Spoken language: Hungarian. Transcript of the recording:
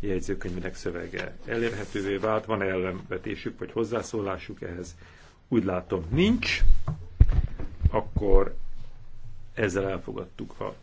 jegyzőkönyvének szövege elérhetővé vált, van-e ellenvetésük vagy hozzászólásuk ehhez? Úgy látom, nincs. Akkor ezzel elfogadtuk a